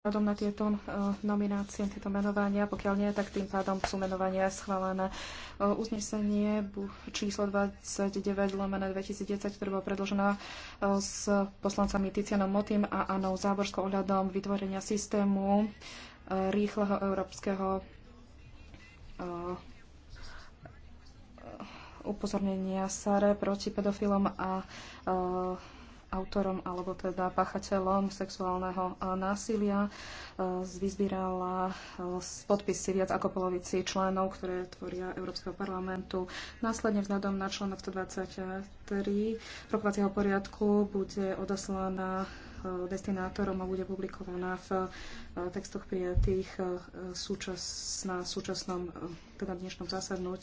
radom na tieto eh, nominácie, tieto menovania. Pokiaľ nie, tak tým pádom sú menovania schválené. Eh, uznesenie číslo 29 lomené 2010, ktoré bolo predložené eh, s poslancami Ticianom Motým a Anou Záborskou ohľadom vytvorenia systému rýchleho európskeho upozornenia SARE proti pedofilom a autorom alebo teda pachateľom sexuálneho eh, násilia. Eh, Vyzbírala eh, podpisy viac ako polovici členov, ktoré tvoria Európskeho parlamentu. Následne vzhľadom na článok 123 rokovacieho poriadku bude odoslaná destinátorom a bude publikovaná v textoch prijatých súčas, na súčasnom, teda dnešnom zasadnutí.